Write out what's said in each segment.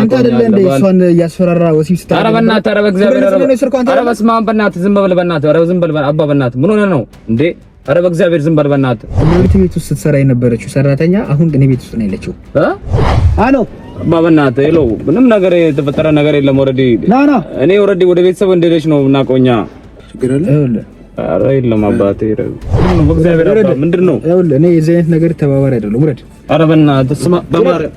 አንተ አይደለ እንደ እሷን እያስፈራራ ወሲብ በእግዚአብሔር ዝም በል በእናትህ ነው እንዴ? ኧረ በእግዚአብሔር ዝም እመቤት ቤት ውስጥ ስትሰራ የነበረችው ሰራተኛ አሁን እኔ ቤት ውስጥ ነው ያለችው። አሎ አባ በእናትህ ሄሎ፣ ምንም ነገር የተፈጠረ ነገር የለም። ኦልሬዲ እኔ ኦልሬዲ ወደ ቤተሰብ እንደሄደች ነው እናቆኛ ችግር አለ አረ የለም አባቴ፣ በእግዚአብሔር ምንድን ነው እኔ የዚህ አይነት ነገር ተባባሪ አይደለም። ውረድ። አረ በእናትህ ስማ በማርያም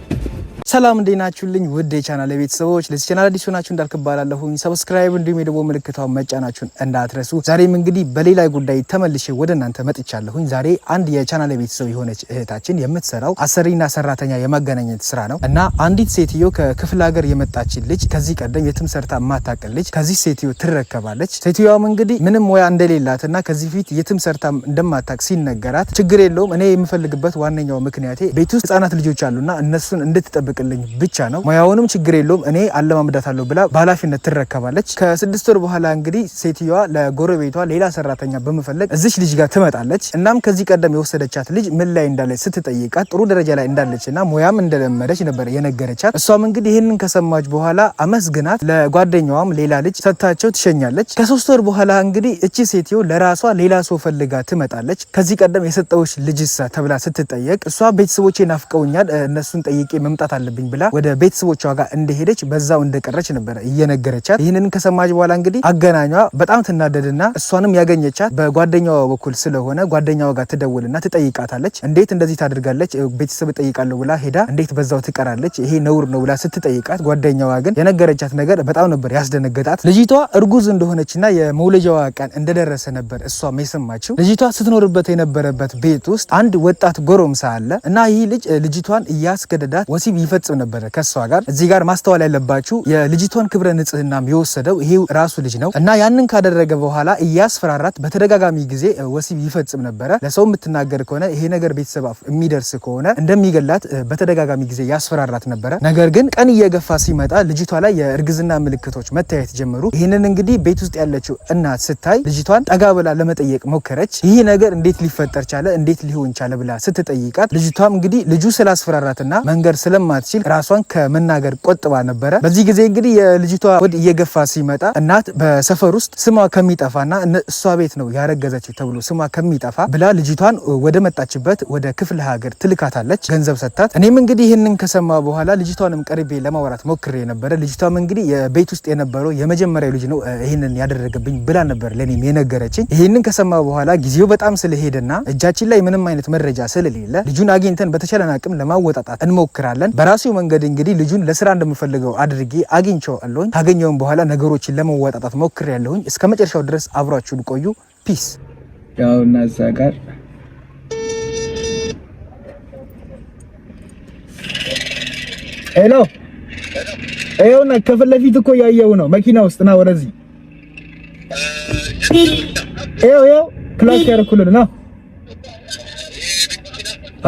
ሰላም እንዴት ናችሁልኝ? ውድ የቻናል ቤተሰቦች፣ ለዚህ ቻናል አዲስ ሆናችሁ እንዳልክባላለሁኝ ሰብስክራይብ፣ እንዲሁም የደቦ ምልክታውን መጫናችሁን እንዳትረሱ። ዛሬም እንግዲህ በሌላ ጉዳይ ተመልሼ ወደ እናንተ መጥቻለሁኝ። ዛሬ አንድ የቻናል ቤተሰብ የሆነች እህታችን የምትሰራው አሰሪና ሰራተኛ የማገናኘት ስራ ነው እና አንዲት ሴትዮ ከክፍለ ሀገር የመጣችን ልጅ ከዚህ ቀደም የትም ሰርታ የማታውቅ ልጅ ከዚህ ሴትዮ ትረከባለች። ሴትዮዋም እንግዲህ ምንም ሙያ እንደሌላት እና ከዚህ ፊት የትም ሰርታ እንደማታውቅ ሲነገራት ችግር የለውም እኔ የምፈልግበት ዋነኛው ምክንያቴ ቤት ውስጥ ህጻናት ልጆች አሉና እነሱን እንድትጠብቅ እንድትጠብቅልኝ ብቻ ነው። ሙያውንም ችግር የለውም እኔ አለማምዳታለሁ ብላ በኃላፊነት ትረከባለች። ከስድስት ወር በኋላ እንግዲህ ሴትዮዋ ለጎረቤቷ ሌላ ሰራተኛ በመፈለግ እዚች ልጅ ጋር ትመጣለች። እናም ከዚህ ቀደም የወሰደቻት ልጅ ምን ላይ እንዳለች ስትጠይቃት ጥሩ ደረጃ ላይ እንዳለችና ሙያም እንደለመደች ነበር የነገረቻት። እሷም እንግዲህ ይህንን ከሰማች በኋላ አመስግናት ለጓደኛዋም ሌላ ልጅ ሰጥታቸው ትሸኛለች። ከሶስት ወር በኋላ እንግዲህ እቺ ሴትዮ ለራሷ ሌላ ሰው ፈልጋ ትመጣለች። ከዚህ ቀደም የሰጠዎች ልጅሳ ተብላ ስትጠየቅ እሷ ቤተሰቦቼ ናፍቀውኛል፣ እነሱን ጠይቄ መምጣት አለ አለብኝ ብላ ወደ ቤተሰቦቿ ጋር እንደሄደች በዛው እንደቀረች ነበረ እየነገረቻት። ይህንን ከሰማች በኋላ እንግዲህ አገናኟ በጣም ትናደድና እሷንም ያገኘቻት በጓደኛዋ በኩል ስለሆነ ጓደኛዋ ጋር ትደውልና ትጠይቃታለች። እንዴት እንደዚህ ታደርጋለች? ቤተሰብ እጠይቃለሁ ብላ ሄዳ እንዴት በዛው ትቀራለች? ይሄ ነውር ነው ብላ ስትጠይቃት ጓደኛዋ ግን የነገረቻት ነገር በጣም ነበር ያስደነገጣት። ልጅቷ እርጉዝ እንደሆነችና የመውለጃዋ ቀን እንደደረሰ ነበር እሷ የሰማችው። ልጅቷ ስትኖርበት የነበረበት ቤት ውስጥ አንድ ወጣት ጎረምሳ አለ እና ይህ ልጅ ልጅቷን እያስገደዳት ወሲብ ይፈጽም ነበረ ከሷ ጋር። እዚህ ጋር ማስተዋል ያለባችሁ የልጅቷን ክብረ ንጽህና የወሰደው ይሄ ራሱ ልጅ ነው እና ያንን ካደረገ በኋላ እያስፈራራት በተደጋጋሚ ጊዜ ወሲብ ይፈጽም ነበረ። ለሰው የምትናገር ከሆነ ይሄ ነገር ቤተሰብ የሚደርስ ከሆነ እንደሚገላት በተደጋጋሚ ጊዜ ያስፈራራት ነበረ። ነገር ግን ቀን እየገፋ ሲመጣ ልጅቷ ላይ የእርግዝና ምልክቶች መታየት ጀመሩ። ይህንን እንግዲህ ቤት ውስጥ ያለችው እናት ስታይ ልጅቷን ጠጋ ብላ ለመጠየቅ ሞከረች። ይህ ነገር እንዴት ሊፈጠር ቻለ? እንዴት ሊሆን ቻለ? ብላ ስትጠይቃት ልጅቷም እንግዲህ ልጁ ስላስፈራራትና መንገድ ስለማ ናት ሲል ራሷን ከመናገር ቆጥባ ነበረ። በዚህ ጊዜ እንግዲህ የልጅቷ ወድ እየገፋ ሲመጣ እናት በሰፈር ውስጥ ስሟ ከሚጠፋና እሷ ቤት ነው ያረገዘችው ተብሎ ስሟ ከሚጠፋ ብላ ልጅቷን ወደ መጣችበት ወደ ክፍለ ሀገር ትልካታለች ገንዘብ ሰጥታት። እኔም እንግዲህ ይህንን ከሰማ በኋላ ልጅቷንም ቀርቤ ለማውራት ሞክሬ ነበረ። ልጅቷም እንግዲህ የቤት ውስጥ የነበረው የመጀመሪያው ልጅ ነው ይህንን ያደረገብኝ ብላ ነበር ለእኔም የነገረችኝ። ይህንን ከሰማ በኋላ ጊዜው በጣም ስለሄደና እጃችን ላይ ምንም አይነት መረጃ ስለሌለ ልጁን አግኝተን በተቻለን አቅም ለማወጣጣት እንሞክራለን። በራሴው መንገድ እንግዲህ ልጁን ለስራ እንደምፈልገው አድርጌ አግኝቼዋለሁኝ። ካገኘውን በኋላ ነገሮችን ለመወጣጣት ሞክሬያለሁኝ። እስከ መጨረሻው ድረስ አብሯችሁን ቆዩ። ፒስ። ያው እና እዛ ጋር ሄሎ፣ ይኸውና ከፊት ለፊት እኮ ያየው ነው መኪና ውስጥ ና ወደዚህ ይኸው ይኸው ክላስ ያደረኩልን ነው።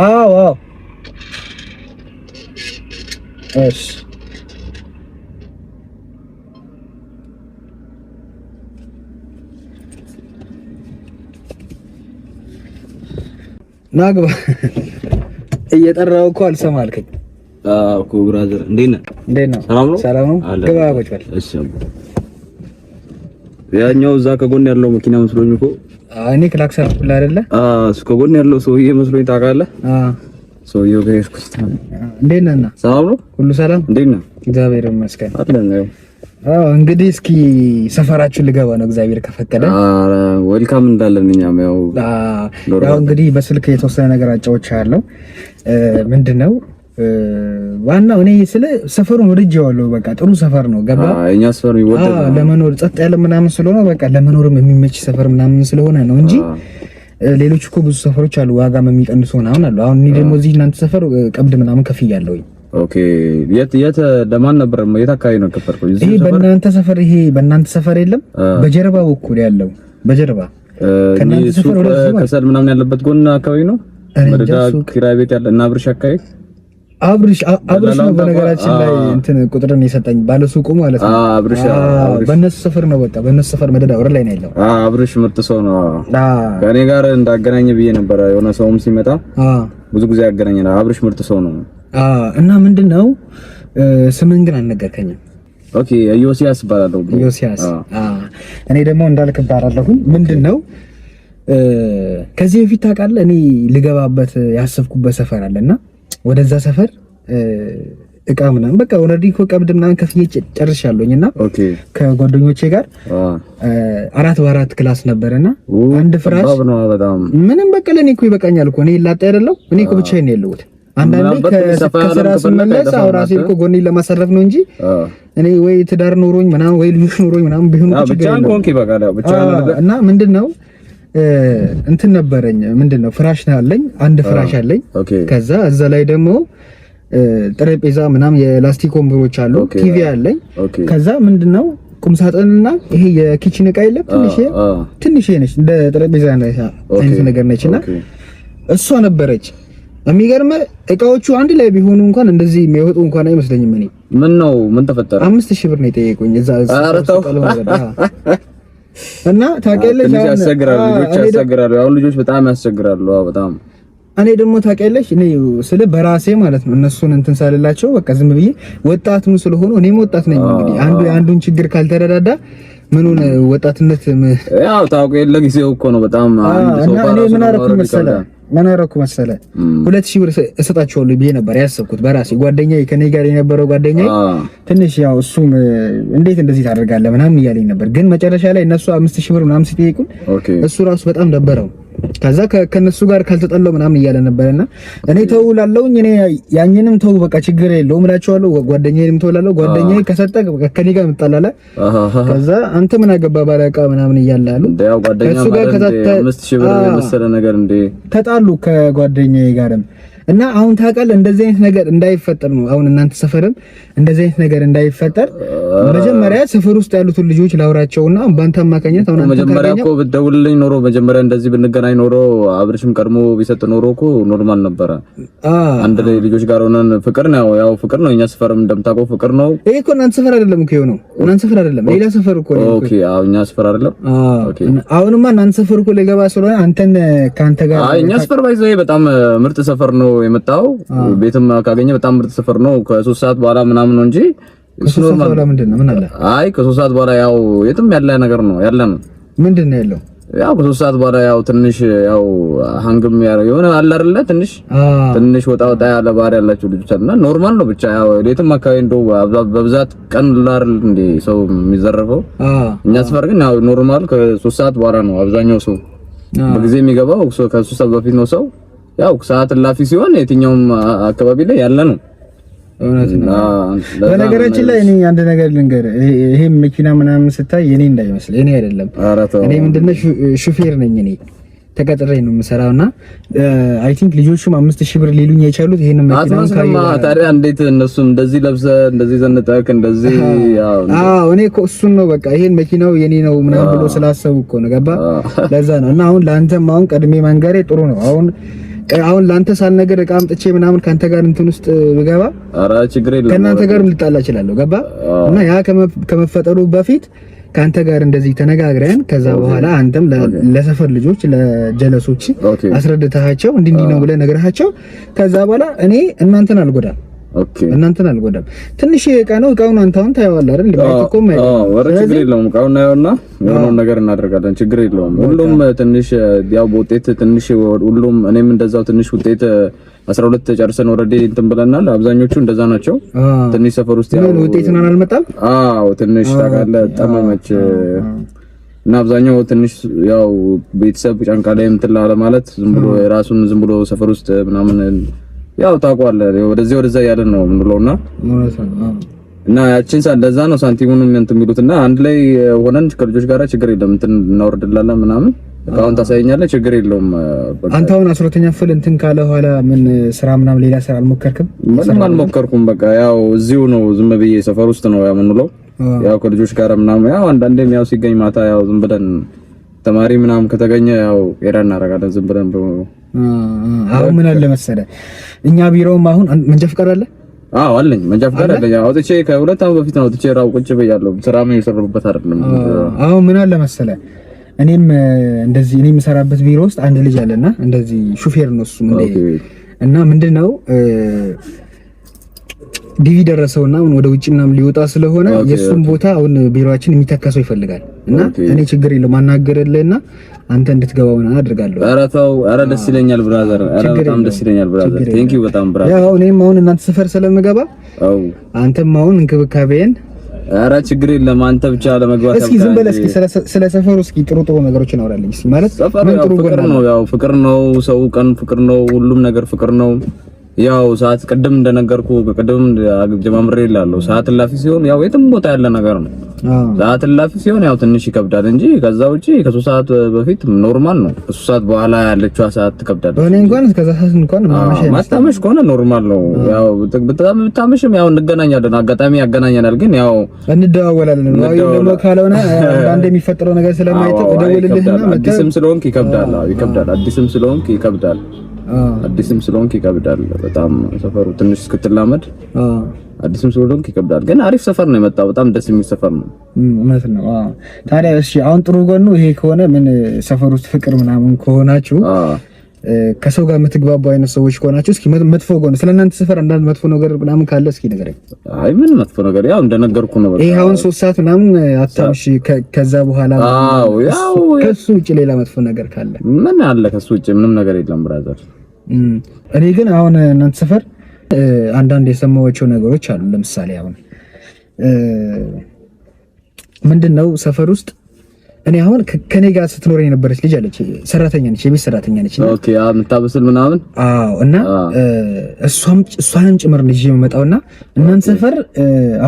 አዎ አዎ እሺ ናግባ እየጠራው እኮ አልሰማ አልከኝ። አዎ እኮ ብራዘር፣ እንዴት ነህ? እንዴት ነው? ሰላም ነው? ሰላም ነው። ግባ ቁጭ በል። እሺ ያኛው እዛ ከጎን ያለው መኪና መስሎኝ እኮ እኔ ክላክሰር ሁላ አይደለ? አዎ ከጎን ያለው ሰውዬ መስሎኝ ታውቃለህ? አዎ ሰውዬው ጋር እንዴት ነህ? ሰላም ነው? ሁሉ ሰላም? እንዴት ነህ? እግዚአብሔር ይመስገን። አዎ እንግዲህ እስኪ ሰፈራችን ልገባ ነው እግዚአብሔር ከፈቀደ። ዌልካም እንዳለን እኛም ያው ያው እንግዲህ በስልክ የተወሰነ ነገር አጫዎች ያለው ምንድን ነው ዋናው እኔ ስለ ሰፈሩን ወድጄዋለሁ። በቃ ጥሩ ሰፈር ነው ገባ እኛ ሰፈር ይወደድ ለመኖር ጸጥ ያለ ምናምን ስለሆነ በቃ ለመኖርም የሚመች ሰፈር ምናምን ስለሆነ ነው እንጂ ሌሎች እኮ ብዙ ሰፈሮች አሉ ዋጋ የሚቀንሱ ምናምን አሉ። አሁን እኔ ደግሞ እዚህ እናንተ ሰፈር ቀብድ ምናምን ከፍ ከፍያለሁ። ኦኬ፣ የት የት ለማን ነበር? የት አካባቢ ነው የከፈርከው? ይሄ በእናንተ ሰፈር ይሄ በእናንተ ሰፈር የለም፣ በጀርባ በኩል ያለው በጀርባ ከእናንተ ሰፈር ወደ ከሰል ምናምን ያለበት ጎን አካባቢ ነው መደዳ ኪራይ ቤት ያለ እና ብርሽ አካባቢ አብርሽ አብርሽ ነው በነገራችን ላይ እንትን ቁጥርን የሰጠኝ ባለ ሱቁ ማለት ነው። አብርሽ በነሱ ሰፈር ነው፣ በቃ በነሱ ሰፈር መደዳ ወር ላይ ነው ያለው። አብርሽ ምርጥ ሰው ነው። ከእኔ ጋር እንዳገናኘ ብዬ ነበረ። የሆነ ሰውም ሲመጣ ብዙ ጊዜ ያገናኘና አብርሽ ምርጥ ሰው ነው። እና ምንድን ነው ስምን ግን አልነገርከኝም። ኦኬ ዮሲያስ እባላለሁ። ዮሲያስ እኔ ደግሞ እንዳልክ እባላለሁ። ምንድን ነው ከዚህ በፊት ታውቃለህ፣ እኔ ልገባበት ያሰብኩበት ሰፈር አለና ወደዛ ሰፈር እቃ ምናምን በቃ ኦልሬዲ እኮ ቀብድ ምናምን ከፍዬ ጨርሻለሁኝ እና ከጓደኞቼ ጋር አራት በአራት ክላስ ነበረና አንድ ፍራሽ ምንም በቃ ለእኔ እኮ ይበቃኛል እኮ እኔ ላጣ አይደለሁ እኔ እኮ ብቻዬን ነው ያለሁት። አንዳንዴ ከስራ ስመለስ አዎ ራሴ እኮ ጎኔን ለማሳረፍ ነው እንጂ እኔ ወይ ትዳር ኖሮኝ ምናምን ወይ ልጆች ኖሮኝ ምናምን ቢሆን ብቻ እና ምንድን ነው እንትን ነበረኝ ምንድነው ፍራሽ አለኝ፣ አንድ ፍራሽ አለኝ። ከዛ እዛ ላይ ደግሞ ጠረጴዛ ምናም የላስቲክ ወንበሮች አሉ። ቲቪ አለኝ። ከዛ ምንድነው ቁም ሳጥንና ይሄ የኪችን እቃ የለም ትንሽ ትንሽ ነች፣ እንደ ጠረጴዛ አይነት ነገር ነችና እሷ ነበረች። የሚገርም እቃዎቹ አንድ ላይ ቢሆኑ እንኳን እንደዚህ የሚወጡ እንኳን አይመስለኝም። እኔ ምን ነው ምን ተፈጠረ? አምስት ሺህ ብር ነው የጠየቁኝ እዛ እና ታውቂያለሽ፣ ያስቸግራሉ። አሁን ልጆች በጣም ያስቸግራሉ። አዎ በጣም እኔ ደግሞ ታውቂያለሽ፣ እኔ ስለ በራሴ ማለት ነው እነሱን እንትን ሳልላቸው በቃ ዝም ብዬ ወጣትም ስለሆኑ እኔም ወጣት ነኝ። እንግዲህ አንዱ የአንዱን ችግር ካልተረዳዳ ምኑን ወጣትነት ያው ታውቂያለሽ፣ ጊዜው እኮ ነው በጣም አንድ ሰው ባለው ነው ምን አደረኩ መሰለ፣ ሁለት ሺህ ብር እሰጣቸዋለሁ ብዬ ነበር ያሰብኩት በራሴ ጓደኛዬ፣ ከኔ ጋር የነበረው ጓደኛዬ ትንሽ ያው እሱም እንዴት እንደዚህ ታደርጋለህ ምናምን እያለኝ ነበር። ግን መጨረሻ ላይ እነሱ አምስት ሺህ ብር ምናምን ሲጠይቁን እሱ ራሱ በጣም ደበረው። ከዛ ከነሱ ጋር ካልተጠላው ምናምን እያለ ነበርና እኔ ተው እላለሁኝ። እኔ ያኝንም ተው በቃ ችግር የለውም እላቸዋለሁ። ጓደኛዬንም ተው እላለሁ። ጓደኛዬ ከሰጠ ከኔ ጋር የምጣላለ። ከዛ አንተ ምን አገባ ባለቃ ምናምን እያለ አሉ። ከሱ ጋር ከዛ ተጣሉ ከጓደኛዬ ጋርም እና አሁን ታውቃለህ፣ እንደዚህ አይነት ነገር እንዳይፈጠር ነው። አሁን እናንተ ሰፈርም እንደዚህ አይነት ነገር እንዳይፈጠር መጀመሪያ ሰፈር ውስጥ ያሉትን ልጆች ላውራቸውና በአንተ አማካኝነት አሁን መጀመሪያ እኮ ብትደውልልኝ ኖሮ መጀመሪያ እንደዚህ ብንገናኝ ኖሮ አብርሽም ቀድሞ ቢሰጥ ኖሮ እኮ ኖርማል ነበረ። አንድ ላይ ልጆች ጋር ሆነን ፍቅር ነው ያው ፍቅር ነው። እኛ ሰፈርም እንደምታውቀው ፍቅር ነው። ይሄ እኮ እናንተ ሰፈር አይደለም እኮ የሆነው እናንተ ሰፈር አይደለም ሌላ ሰፈር እኮ ነው። ኦኬ አዎ እኛ ሰፈር አይደለም። ኦኬ አሁንማ እናንተ ሰፈር እኮ ሊገባ ስለሆነ አንተን ካንተ ጋር አይ እኛ ሰፈር ባይዘው በጣም ምርጥ ሰፈር ነው። ነው የመጣው። ቤትም ካገኘ በጣም ምርጥ ስፍር ነው። ከሶስት ሰዓት በኋላ ምናምን ነው እንጂ አይ ከሶስት ሰዓት በኋላ ያው የትም ያለ ነገር ነው ያለ ነው። ምንድን ነው ያለው? ያው ከሶስት ሰዓት በኋላ ያው ትንሽ ያው ሀንግም ያለው የሆነ አለ አይደለ? ትንሽ ትንሽ ወጣ ወጣ ያለ ባህሪ ያላቸው ልጆች አሉና ኖርማል ነው ብቻ ያው የትም አካባቢ እንደው በብዛት ቀን ላርል እንደ ሰው የሚዘረፈው እኛ ስፈር ግን ያው ኖርማል ከሶስት ሰዓት በኋላ ነው አብዛኛው ሰው በጊዜ የሚገባው ከሶስት ሰዓት በፊት ነው ሰው ያው ሰዓት እላፊ ሲሆን የትኛውም አካባቢ ላይ ያለ ነው። በነገራችን ላይ እኔ አንድ ነገር ልንገር፣ ይሄ መኪና ምናምን ስታይ የኔ እንዳይመስል እኔ አይደለም። እኔ ምንድነው ሹፌር ነኝ እኔ ተቀጥሬ ነው የምሰራው እና አይ ቲንክ ልጆቹም አምስት ሺህ ብር ሊሉኝ የቻሉት ይሄን መኪና ታዲያ እንዴት እነሱ እንደዚህ ለብሰ እንደዚህ ዘንጠህ እንደዚህ አዎ እኔ እኮ እሱን ነው በቃ ይሄን መኪናው የኔ ነው ምናምን ብሎ ስላሰቡ እኮ ነው ገባ ለዛ ነው እና አሁን ለአንተም አሁን ቀድሜ መንገሬ ጥሩ ነው አሁን አሁን ላንተ ሳልነገር እቃ አምጥቼ ምናምን ከአንተ ጋር እንትን ውስጥ ብገባ ከእናንተ ጋርም ልጣላ እችላለሁ። ገባ እና ያ ከመፈጠሩ በፊት ከአንተ ጋር እንደዚህ ተነጋግረን ከዛ በኋላ አንተም ለሰፈር ልጆች ለጀለሶች አስረድተሃቸው እንዲህ እንዲህ ነው ብለህ ነግረሃቸው ከዛ በኋላ እኔ እናንተን አልጎዳም እናንተን አልጎዳም። ትንሽ ዕቃ ነው። ዕቃውን አንተ አሁን ታየዋለህ አይደል? ችግር የለውም። እቃውን እናየውና የሆነውን ነገር እናደርጋለን። ችግር የለውም። ሁሉም ትንሽ ያው በውጤት ትንሽ ሁሉም እኔም እንደዛው ትንሽ ውጤት አስራ ሁለት ጨርሰን ወረዴ እንትን ብለናል። አብዛኞቹ እንደዛ ናቸው። ትንሽ ሰፈር ውስጥ ያው ውጤት ምናምን አልመጣም። አዎ ትንሽ ታውቃለህ፣ ጠመመች እና አብዛኛው ትንሽ ያው ቤተሰብ ጫንቃ ላይ እንትን ላለ ማለት ዝም ብሎ የራሱን ዝም ብሎ ሰፈር ውስጥ ምናምን ያው ታቋለ ወደዚህ ወደዛ እያለን ነው የምንለውና እና ያቺን ሰዓት ለዛ ነው ሳንቲሙን እንትን የሚሉት አንድ ላይ ሆነን ከልጆች ጋራ ችግር የለም እንትን እናወርድላለን ምናምን አሁን ታሳየኛለህ፣ ችግር የለውም። አንተ አሁን አስሮተኛ ፍል እንትን ካለ ኋላ ምን ስራ ምናምን ሌላ ስራ አልሞከርክም? ምንም አልሞከርኩም። በቃ ያው እዚሁ ነው ዝም ብዬ ሰፈር ውስጥ ነው ያው የምንውለው፣ ያው ከልጆች ጋራ ምናምን ያው አንዳንዴም ያው ሲገኝ ማታ ያው ዝም ብለን ተማሪ ምናምን ከተገኘ ያው ኤራ እናደርጋለን ዝም ብለን አሁን ምን አለ መሰለህ እኛ ቢሮውም አሁን መንጃ ፈቃድ አለ። አዎ አለኝ መንጃ ፈቃድ አለኝ። አውጥቼ ከሁለት ዓመት በፊት ነው አውጥቼ ራው ቁጭ ብያለሁ። ስራ ምን የሰራሁበት አይደለም። አሁን ምን አለ መሰለህ እኔም እንደዚህ እኔ የምሰራበት ቢሮ ውስጥ አንድ ልጅ አለና እንደዚህ ሹፌር ነው እሱም እና ምንድነው ዲቪ ደረሰውና አሁን ወደ ውጭ ምናምን ሊወጣ ስለሆነ የእሱን ቦታ አሁን ቢሮችን የሚተካሰው ይፈልጋል እና እኔ ችግር የለውም አናገረልህና አንተ እንድትገባው ምናምን አድርጋለሁ። ኧረ ተው፣ ኧረ ደስ ይለኛል ብራዘር፣ ኧረ በጣም ደስ ይለኛል ብራዘር። ቴንክ ዩ በጣም ብራዘር። ያው እኔም አሁን እናንተ ሰፈር ስለምገባ አው አንተም አሁን እንክብካቤን ኧረ ችግር የለም። አንተ ብቻ ለመግባት እስኪ ዝም በለ። እስኪ ስለ ሰፈሩ እስኪ ጥሩ ጥሩ ነገሮች እናወራለን። እስኪ ማለት ሰፈሩ ፍቅር ነው፣ ያው ፍቅር ነው። ሰው ቀን ፍቅር ነው፣ ሁሉም ነገር ፍቅር ነው። ያው ሰዓት ቅድም እንደነገርኩ ቅድም ጀማምሬ እላለሁ። ሰዓት እላፊ ሲሆን ያው የትም ቦታ ያለ ነገር ነው። ሰዓት እላፊ ሲሆን ያው ትንሽ ይከብዳል እንጂ ከዛ ውጪ ከሶስት ሰዓት በፊት ኖርማል ነው። ከሶስት ሰዓት በኋላ ያለችው ሰዓት ትከብዳለች። እኔ እንኳን እስከዛ ሰዓት እንኳን ማታመሽ ከሆነ ኖርማል ነው። ያው በጣም ብታመሽም ያው እንገናኛለን፣ አጋጣሚ ያገናኘናል። ግን ያው እንደዋወላለን። ያው ደሞ ካልሆነ አንድ የሚፈጠረው ነገር ስለማይተው ደውልልህና አዲስም ስለሆንክ ይከብዳል። ይከብዳል። አዲስም ስለሆንክ ይከብዳል። አዲስም ስለሆንክ ይከብዳል በጣም ሰፈሩ ትንሽ እስክትላመድ። አዲስም ስለሆንክ ይከብዳል፣ ግን አሪፍ ሰፈር ነው የመጣው። በጣም ደስ የሚል ሰፈር ነው። እውነት ነው። ታዲያ እሺ፣ አሁን ጥሩ ጎኑ ይሄ ከሆነ ምን ሰፈር ውስጥ ፍቅር ምናምን ከሆናችሁ ከሰው ጋር የምትግባቡ አይነት ሰዎች ከሆናችሁ እስኪ መጥፎ ጎን ስለእናንተ ሰፈር አንዳንድ መጥፎ ነገር ምናምን ካለ እስኪ ንገረኝ። አይ ምን መጥፎ ነገር ያው እንደነገርኩ ነው። ይሄ አሁን ሶስት ሰዓት ምናምን አታምሽ። ከዛ በኋላ አዎ፣ ያው ከሱ ውጭ ሌላ መጥፎ ነገር ካለ ምን አለ? ከሱ ውጭ ምንም ነገር የለም ብራዘር። እኔ ግን አሁን እናንተ ሰፈር አንዳንድ የሰማኋቸው ነገሮች አሉ። ለምሳሌ አሁን ምንድን ነው ሰፈር ውስጥ እኔ አሁን ከኔ ጋር ስትኖር የነበረች ልጅ አለች፣ ሰራተኛ ነች፣ የቤት ሰራተኛ ነች። ኦኬ አ የምታበስል ምናምን። አዎ። እና እሷም እሷንም ጭምር ልጅ የምመጣውና እናንተ ሰፈር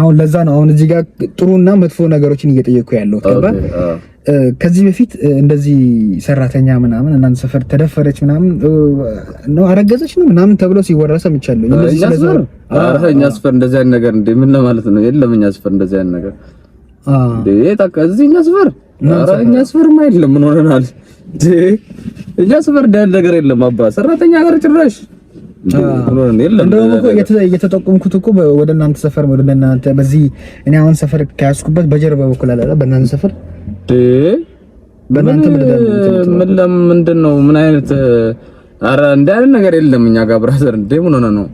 አሁን ለዛ ነው አሁን እዚህ ጋር ጥሩና መጥፎ ነገሮችን እየጠየኩ ያለው ተባ ከዚህ በፊት እንደዚህ ሰራተኛ ምናምን እናንተ ሰፈር ተደፈረች ምናምን ነው አረገዘች ነው ምናምን ተብሎ ሲወራ ሰምቻለሁ። እኛ ሰፈር እንደዚህ አይነት ነገር እንደምን ማለት ነው? የለም እኛ ሰፈር እንደዚህ አይነት ነገር ከዚህ እኛ ሰፈር የሚያስፈርም አይደለም። ምን ሆነናል? እያስፈርዳል ነገር የለም። አባ ሰራተኛ ጋር ጭራሽ እንደውም እኮ ወደ እናንተ ሰፈር ወደ እናንተ በዚህ እኔ አሁን ሰፈር ከያዝኩበት በጀርባ በኩል አለ በእናንተ ሰፈር በእናንተ ምንድን ነው ምን አይነት ኧረ እንዳይነት ነገር የለም። እኛ ጋር ብራዘር እንደ ምን ሆነ ነው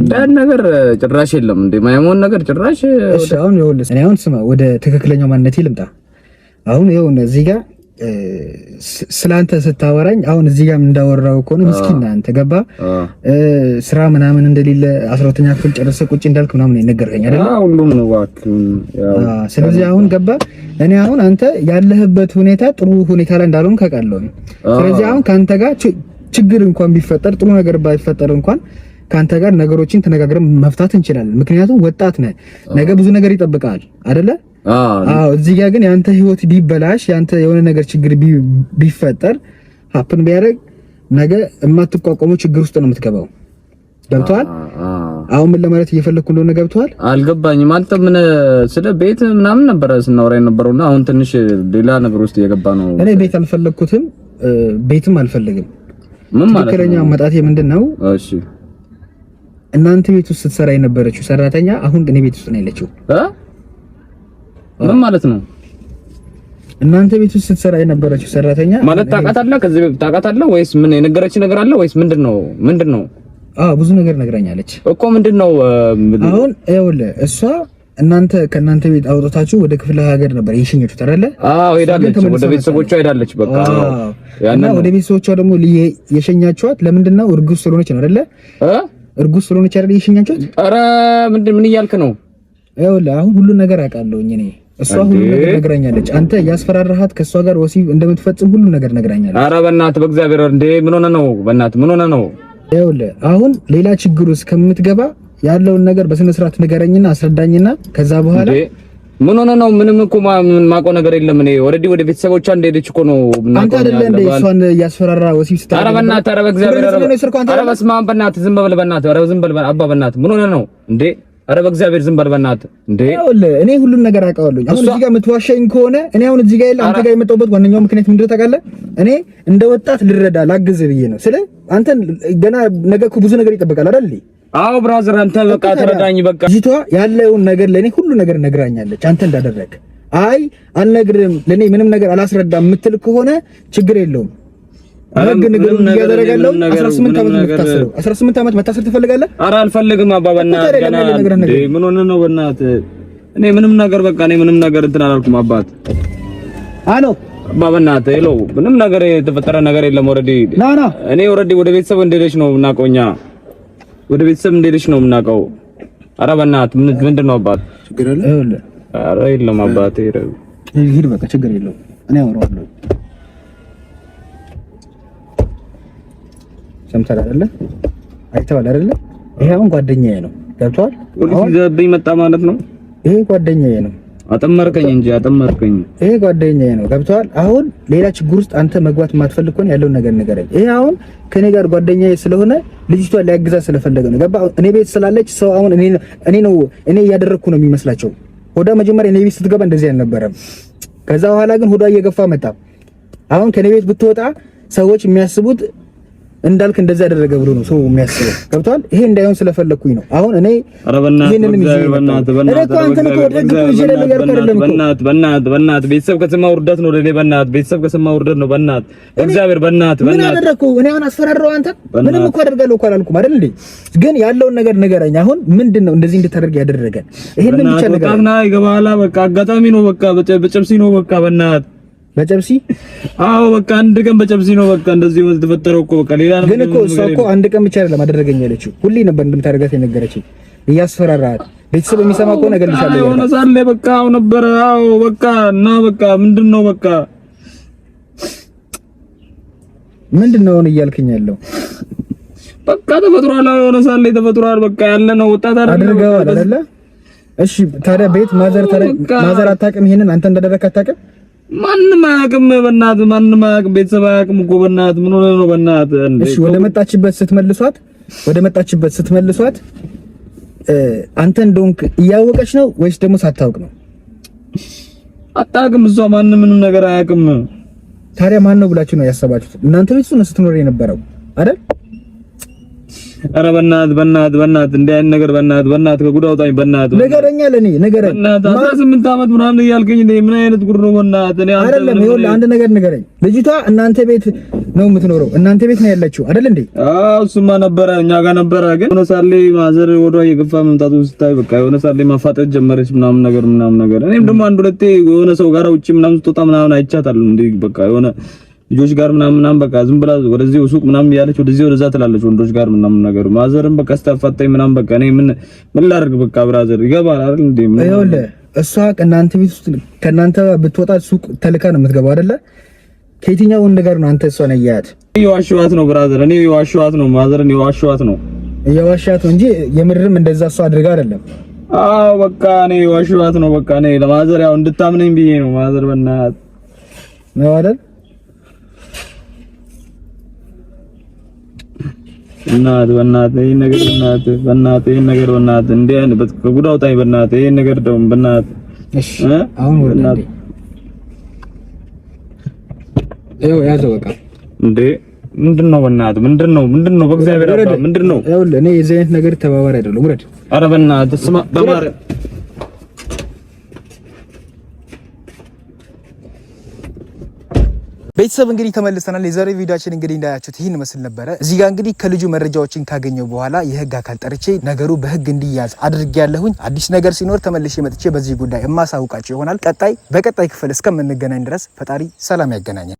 እንዳይነት ነገር ጭራሽ የለም። እንደ ማይሞን ነገር ጭራሽ እሺ። አሁን ይኸውልህ እኔ አሁን ስማ፣ ወደ ትክክለኛው ማንነቴ ልምጣ አሁን ይሁን እዚህ ጋር ስላንተ ስታወራኝ አሁን እዚህ ጋር እንዳወራው ከሆነ ምስኪና አንተ ገባ ስራ ምናምን እንደሌለ አስራተኛ ክፍል ጨርሰ ቁጭ እንዳልክ ምናምን የነገርከኝ አይደል? ሁሉም ነው። ስለዚህ አሁን ገባ እኔ አሁን አንተ ያለህበት ሁኔታ ጥሩ ሁኔታ ላይ እንዳልሆን ካውቃለሁ። ስለዚህ አሁን ከአንተ ጋር ችግር እንኳን ቢፈጠር ጥሩ ነገር ባይፈጠር እንኳን ከአንተ ጋር ነገሮችን ተነጋግረን መፍታት እንችላለን። ምክንያቱም ወጣት ነህ፣ ነገ ብዙ ነገር ይጠብቃል አይደለ? አዎ እዚህ ጋር ግን ያንተ ህይወት ቢበላሽ ያንተ የሆነ ነገር ችግር ቢፈጠር ሀፕን ቢያደርግ ነገ የማትቋቋመው ችግር ውስጥ ነው የምትገባው። ገብቷል? አሁን ምን ለማለት እየፈለኩ እንደሆነ ገብቷል? አልገባኝም። አንተ ምን ስለ ቤት ምናምን ነበረ ስናወራ የነበረውና አሁን ትንሽ ሌላ ነገር ውስጥ እየገባ ነው። እኔ ቤት አልፈለኩትም፣ ቤትም አልፈልግም። ምን ማለት ነው? ትክክለኛ አመጣቴ ምንድን ነው? እሺ እናንተ ቤት ውስጥ ስትሰራ የነበረችው ሰራተኛ አሁን እኔ ቤት ውስጥ ነው ያለችው እ ምን ማለት ነው? እናንተ ቤት ውስጥ ስትሰራ የነበረችው ሰራተኛ ማለት ታውቃታለህ? ከዚህ በፊት ታውቃታለህ ወይስ ምን የነገረች ነገር አለ ወይስ ምንድን ነው? ምንድን ነው? አዎ ብዙ ነገር ነግራኛለች እኮ ምንድን ነው አሁን? ይኸውልህ እሷ እናንተ ከእናንተ ቤት አውጥታችሁ ወደ ክፍለ ሀገር ነበር የሸኘችው አይደለ? አዎ ሄዳለች፣ ወደ ቤተሰቦቿ ሄዳለች። በቃ እና ወደ ቤተሰቦቿ ደግሞ የሸኛችኋት ለምንድን ነው? እርጉዝ ስለሆነች ነው አይደለ? እርጉዝ ስለሆነች አይደለ የሸኛችኋት? ኧረ ምንድን ምን እያልክ ነው? ይኸውልህ አሁን ሁሉን ነገር አውቃለሁኝ እኔ እሷ ሁሉ ነግራኛለች። አንተ ያስፈራራሃት ከእሷ ጋር ወሲብ እንደምትፈጽም ሁሉ ነገር ነግራኛለች። አረ በእናትህ በእግዚአብሔር እንዴ! ምን ሆነ ነው? በእናትህ ምን ሆነ ነው? ይኸውልህ አሁን ሌላ ችግር ውስጥ ከምትገባ ያለውን ነገር በስነ ስርዓት ንገረኝና አስረዳኝና ከዛ በኋላ ምን ሆነ ነው? ምንም እኮ ማቆ ነገር የለም። እኔ ኦልሬዲ ወደ ቤተሰቦቿ እንደሄደች እኮ ነው። አንተ አይደለ እንደ እሷን እያስፈራራ ወሲብ ስታ አረ በእናትህ አረ በእግዚአብሔር አረ በስመ አብ በእናትህ ዝም በል በእናትህ አረ ዝም በል አባ በእናትህ ምን ሆነ ነው እንዴ? አረ በእግዚአብሔር ዝም በል በእናትህ እኔ ሁሉም ነገር አውቃለሁ። አሁን እዚህ ጋር የምትዋሻኝ ከሆነ እኔ አሁን እዚህ ጋር አንተ ጋር የመጣሁበት ዋነኛው ምክንያት ምንድን ታውቃለህ? እኔ እንደ ወጣት ልረዳ ላግዝ ብዬ ነው። ስለ አንተ ገና ነገ እኮ ብዙ ነገር ይጠበቃል አይደል? አዎ ብራዘር፣ አንተ በቃ ተረዳኝ። በቃ ልጅቷ ያለውን ነገር ለእኔ ሁሉ ነገር ነግራኛለች። አንተ እንዳደረግ አይ አልነግርም፣ ለእኔ ምንም ነገር አላስረዳም የምትል ከሆነ ችግር የለውም አረግ ነገር እያደረጋለሁ። 18 ዓመት መታሰር 18 ዓመት መታሰር ትፈልጋለህ? ኧረ አልፈልግም። አባባና ገና ምን ሆነ ነው? በእናትህ እኔ ምንም ነገር በቃ እኔ ምንም ነገር እንትን አላልኩም። አባት አኖ አባባና ተይሎ ምንም ነገር የተፈጠረ ነገር የለም። ኦልሬዲ ናና እኔ ኦልሬዲ ወደ ቤተሰብ እንደሄደች ነው የምናውቀው እኛ ወደ ቤተሰብ እንደሄደች ነው የምናውቀው። ኧረ በእናትህ ምንድን ነው አባት ችግር አለ? ኧረ የለም አባት ይሄድ በቃ ችግር የለውም። እኔ አወራዋለሁ ሰምተሃል አይደለ? አይተዋል አይደለ? ይሄ አሁን ጓደኛዬ ነው። ገብቷል? ፖሊስ ይዘብኝ መጣ ማለት ነው። ይሄ ጓደኛዬ ነው። አጠመርከኝ እንጂ አጠመርከኝ። ይሄ ጓደኛዬ ነው። ገብቷል? አሁን ሌላ ችግር ውስጥ አንተ መግባት የማትፈልግ ከሆነ ያለውን ነገር ንገረኝ። ይሄ አሁን ከኔ ጋር ጓደኛዬ ስለሆነ ልጅቷ ሊያግዛ ስለፈለገ ነው። ገባ? እኔ ቤት ስላለች ሰው አሁን እኔ እኔ ነው እኔ እያደረግኩ ነው የሚመስላቸው። ሆዳ መጀመሪያ እኔ ቤት ስትገባ እንደዚህ አልነበረም። ከዛ በኋላ ግን ሆዳ እየገፋ መጣ። አሁን ከኔ ቤት ብትወጣ ሰዎች የሚያስቡት እንዳልክ እንደዚህ ያደረገ ብሎ ነው ሰው የሚያስበው። ገብቷል። ይሄ እንዳይሆን ስለፈለኩኝ ነው። አሁን እኔ ይሄንን ቤተሰብ ከሰማ ውርደት ነው ለኔ። በእናትህ ቤተሰብ ከሰማ ውርደት ነው። በእናትህ እግዚአብሔር፣ በእናትህ ምን አደረኩህ? እኔ አሁን አስፈራራው አንተ ምንም እኮ አደርጋለሁ እኮ አላልኩም አይደል እንዴ? ግን ያለውን ነገር ንገረኝ። አሁን ምንድን ነው እንደዚህ እንድታደርግ ያደረገ? ይሄንን ብቻ ንገረኝ። በቃ አጋጣሚ ነው። በቃ በጨብጨብሲ ነው። በቃ በእናትህ በጨብሲ አዎ፣ በቃ አንድ ቀን በጨብሲ ነው። በቃ እንደዚህ ነው የተፈጠረው እኮ በቃ ሌላ ነው። ግን እኮ እሷ እኮ አንድ ቀን ብቻ አይደለም አደረገኝ ያለችው፣ ሁሌ ነበር እንደምታደርጋት የነገረችኝ። እያስፈራራሃል። ቤተሰብ የሚሰማ ከሆነ እገልሻለሁ። የሆነ ሳለ በቃ አሁን ነበር። አዎ በቃ እና በቃ ምንድን ነው በቃ ምንድን ነው እያልክኝ ያለው? በቃ ተፈጥሯል። አዎ የሆነ ሳለ ተፈጥሯል። በቃ ያለ ነው ወጣት አድርገዋል አይደለ? እሺ ታዲያ ቤት ማዘር ታዲያ ማዘር አታውቅም? ይሄንን አንተ እንዳደረግህ አታውቅም? ማንም አያውቅም። በእናትህ ማንም አያውቅም። ቤተሰብ አያውቅም እኮ በእናትህ ምን ሆነህ ነው? በእናትህ እሺ፣ ወደ መጣችበት ስትመልሷት ወደ መጣችበት ስትመልሷት አንተ እንደውንክ እያወቀች ነው ወይስ ደግሞ ሳታውቅ ነው? አታውቅም። እሷ ማንም ምንም ነገር አያውቅም። ታዲያ ማን ነው ብላችሁ ነው ያሰባችሁት? እናንተ ቤት ነው ስትኖር የነበረው አይደል? ኧረ በእናትህ በእናትህ በእናትህ እንዲህ አይነት ነገር በእናትህ በእናትህ ከጉድ አውጣኝ በእናትህ ንገረኝ አለ ንገረኝ አስራ ስምንት አመት ምናምን እያልከኝ እኔ ምን አይነት ጉድ ነው በእናትህ እኔ አይደለም ይኸውልህ አንድ ነገር ንገረኝ ልጅቷ እናንተ ቤት ነው የምትኖረው እናንተ ቤት ነው ያለችው አይደል እንዴ አዎ እሱማ ነበረ እኛ ጋር ነበረ ግን የሆነ ሳሌ ማዘር ወዷ የገፋ መምጣቱን ስታይ በቃ የሆነ ሳሌ ማፋጠጥ ጀመረች ምናምን ነገር ምናምን ነገር እኔም ደግሞ አንድ ሁለቴ የሆነ ሰው ጋር ውጭ ምናምን ስትወጣ ምናምን አይቻታለሁ እንዴ በቃ የሆነ ልጆች ጋር ምናምን ምናምን በቃ ዝም ብላ ወደዚህ ሱቅ ምናምን እያለች ወደዚህ ወደዛ ትላለች። ወንዶች ጋር ምናምን ነገሩ ማዘርም በቃ ስታፋጣኝ ምናምን በቃ እኔ ምን ምን ላድርግ በቃ ብራዘር ይገባል አይደል እንዴ? ምን ይኸውልህ እሷ እናንተ ቤት ውስጥ ከእናንተ ብትወጣ ሱቅ ተልካ ነው የምትገባው አይደለ? ከየትኛው ወንድ ጋር ነው አንተ እሷን እያያት? የዋሸኋት ነው ብራዘር፣ እኔ የዋሸኋት ነው ማዘርን፣ የዋሸኋት ነው የዋሸኋት ነው እንጂ የምርም እንደዛ እሷ አድርጋ አይደለም። አዎ በቃ እኔ የዋሸኋት ነው በቃ እኔ ለማዘር ያው እንድታምነኝ ብዬ ነው ማዘር በእናትህ ነው አይደል እናት በእናትህ ይሄን ነገር በእናትህ በእናትህ ይሄን ነገር በእናትህ እንዴ አንበት ከጉዳው ጣይ በእናትህ ይሄን ነገር ደውም በእናትህ እሺ። አሁን ወደ ይኸው ያዘው በቃ እንዴ ምንድን ነው በእናትህ ምንድን ነው ምንድን ነው በእግዚአብሔር አባ ምንድን ነው? ይኸውልህ እኔ የዚህ አይነት ነገር ተባባሪ አይደለሁም። ውረድ። ኧረ በእናትህ ስማ በማርያም ቤተሰብ እንግዲህ ተመልሰናል። የዛሬ ቪዲዮችን እንግዲህ እንዳያችሁት ይህን መስል ነበረ። እዚህ ጋር እንግዲህ ከልጁ መረጃዎችን ካገኘው በኋላ የህግ አካል ጠርቼ ነገሩ በህግ እንዲያዝ አድርጌ ያለሁኝ። አዲስ ነገር ሲኖር ተመልሼ መጥቼ በዚህ ጉዳይ የማሳውቃቸው ይሆናል። ቀጣይ በቀጣይ ክፍል እስከምንገናኝ ድረስ ፈጣሪ ሰላም ያገናኛል።